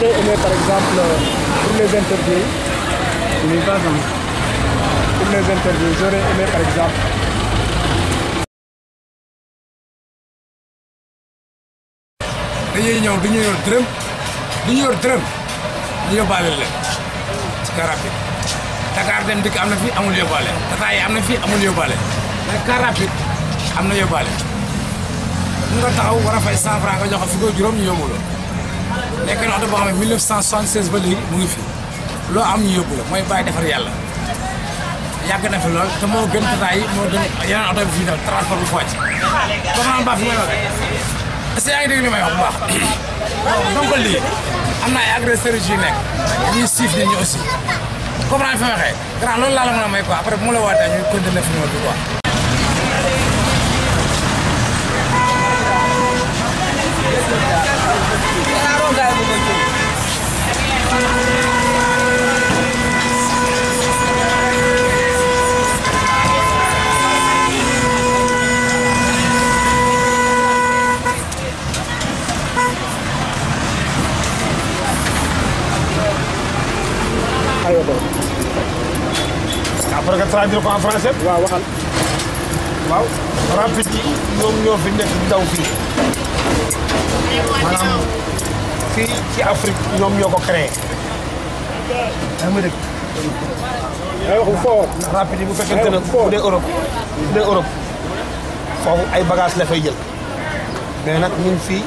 j'aurais aimé par exemple dañuy ñëw du ñu yor dërëm du ñu yor dërëm ñu yóbbaale leen ci car rapide dem dikk am na fi amul yóbbaale Tata am na fi amul yóbbaale mais car rapide am na yóbbaale mun nga taxaw war a fay 100 francs nga jox ko fi juróom ñu yóbbu nekk na oto boo xam ne mu ngi fi loo am ñu yóbbu la mooy bàyyi defar yàlla yàgg na fi lool te moo gën tata yi moo gën yeneen oto bi fi def transport bu focc comprendre baax fi may waxee est-ce que yaa may wax bu baax donc lii am na ay agresseurs yu nekk ñuy siif nit ñi aussi comprendre la mën a may quoi après bu fi mu bi Tolong gak ayo do après que traduire ko en français waaw waxal waaw rapide yi ñoom ñoo fi fii ci Afrique ñoom ñoo ko créé. yaa ma dégg. ndax rapide yi bu fekkente ne bu dee Europe bu dee foofu ay bagages la fay jël. mais nag ñun fii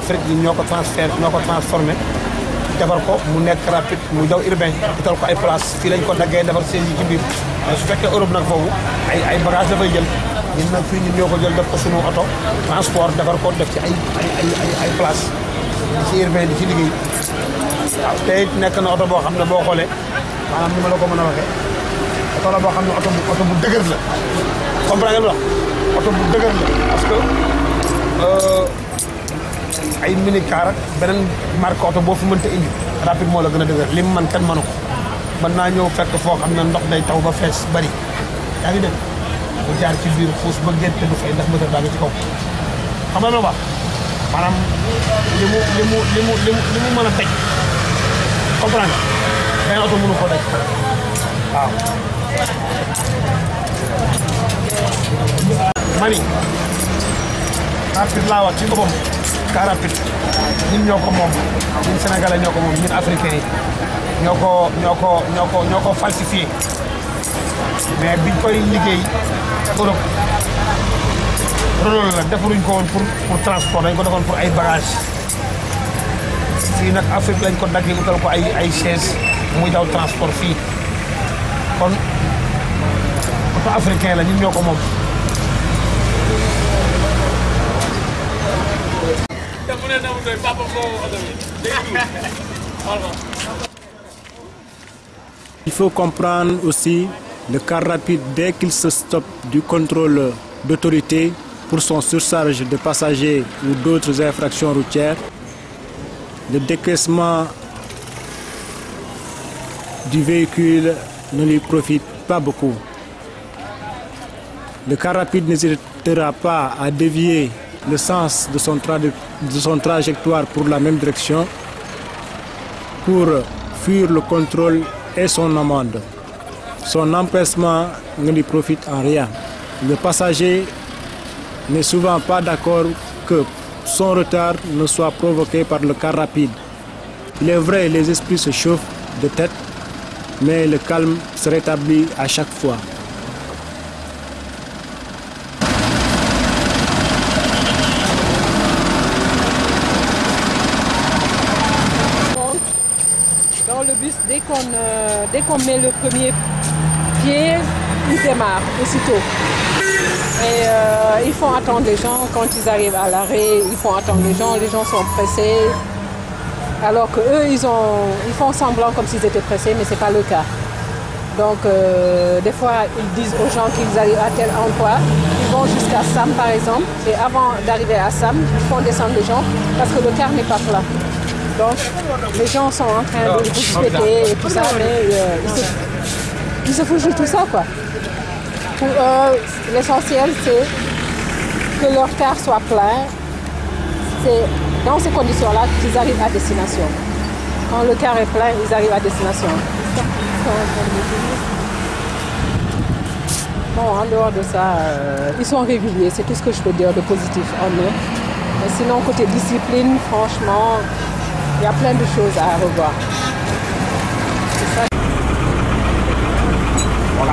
Afrique ñun ñoo ko transfert ñoo ko transformé defar ko mu nekk rapide mu daw urbain tal ko ay place fii lañ ko daggee defar seen yi ci biir mais su fekkee Europe nag foofu ay ay bagages la fay jël. ñun nag fii ñun ñoo ko jël def ko sunu oto transport defar ko def ci ay ay place di ci urbain di ci liggéey waaw te nekk na oto boo xam ne boo xoolee maanaam ni ma la ko mën a waxee oto boo xam ne oto bu oto bu dëgër la comprendre nga la oto bu dëgër la parce que euh, ay mini car ak beneen marque oto boo fi mënta indi rapide moo la gën a dëgër lim man kenn mënu ko mën naa ñëw fekk foo xam ne ndox day taw ba fees bari yaa ngi dégg bu jaar ci biir xuus ba gerte du fay ndax moteur baa ngi ci kaw xam nga lu ma maanaam li mu li mu li mu li mu mën a teg comprendre nga benn oto mënu ko daj waaw. mani rapide laa wax ci boppam car rapide ñun ñoo ko moom ñun sénégalais ñoo ko moom ñun africains yi ñoo ko ñoo ko ñoo ko ñoo ko falsifié mais biñ koy liggéey Europe. loolu la defaruñ ko woon pour pour transport dañ ko defoon pour ay bagages fii nag Afrique lañ ko daggee utal ko ay ay chaise muy daw transport fii kon oto africain la ñun ñoo ko Il faut comprendre aussi le car rapide dès qu'il se stoppe du contrôle d'autorité pour son surcharge de passagers ou d'autres infractions routières, le décaissement du véhicule ne lui profite pas beaucoup. Le car rapide n'hésitera pas à dévier le sens de son, trajectoire pour la même direction pour fuir le contrôle et son amende. Son empêchement ne lui profite en rien. Le passager n'est souvent pas d'accord que son retard ne soit provoqué par le cas rapide. Il est vrai, les esprits se chauffent de tête, mais le calme se rétablit à chaque fois. Dans le bus, dès qu'on euh, met le premier pied, il démarre aussitôt. Et ils font attendre les gens. Quand ils arrivent à l'arrêt, ils font attendre les gens. Les gens sont pressés. Alors qu'eux, ils, ils font semblant comme s'ils étaient pressés, mais ce n'est pas le cas. Donc, euh, des fois, ils disent aux gens qu'ils arrivent à tel endroit. Ils vont jusqu'à Sam, par exemple. Et avant d'arriver à Sam, ils font descendre les gens parce que le car n'est pas plat. Donc, les gens sont en train de ah, vous et tout ça, mais euh, se, ils se foutent de tout ça, quoi pour eux, l'essentiel, c'est que leur terre soit plein. C'est dans ces conditions-là qu'ils arrivent à destination. Quand le car est plein, ils arrivent à destination. Bon, en dehors de ça, euh, ils sont réveillés. c'est tout ce que je peux dire de positif en eux. Mais sinon, côté discipline, franchement, il y a plein de choses à revoir. Voilà.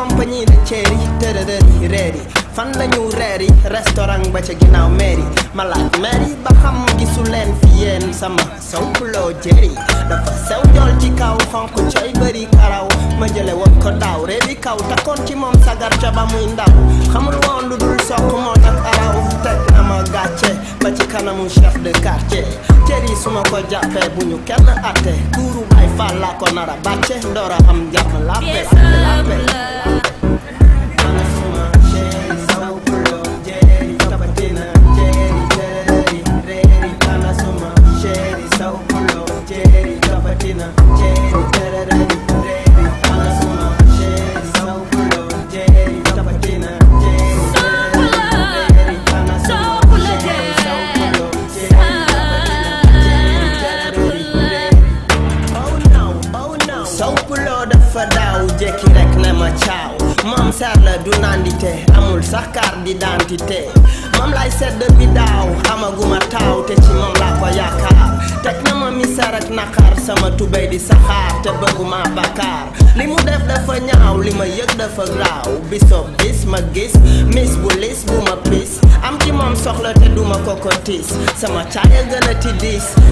compagnie cherry, ceri tërërëri fan lañu reeri restaurant ba ci ginaaw mairie ma mairie ba xam gisu leen fi yéen sama sow jeri jëri dafa saw jool ci kaw xonk cey bari karaw ma jele won ko daw ready kaw takkoon ci mom sagar ca ba muy ndam xamul won lu dul sok mo tax araw teg ama gatché ba ci kanamu chef de quartier ceri suma ko jappé bu ñu kenn até touru bay fàl ko nara bàcce ndora am jàmm la fadaaw jeki rek ne ma caaw mam seet du nandite amul sakar di dantite. mam lay sedd bi daaw amaguma taw te ci mam la ko yaakaar tek na ma misar ak sama tubéy di sakar te bëgguma bakar. Limu mu def dafa ñaaw li ma yëg dafa bisop bis ma gis mis bu les bu ma pis am ci moom soxla te duma ko ko tis sama caaya gën ti dis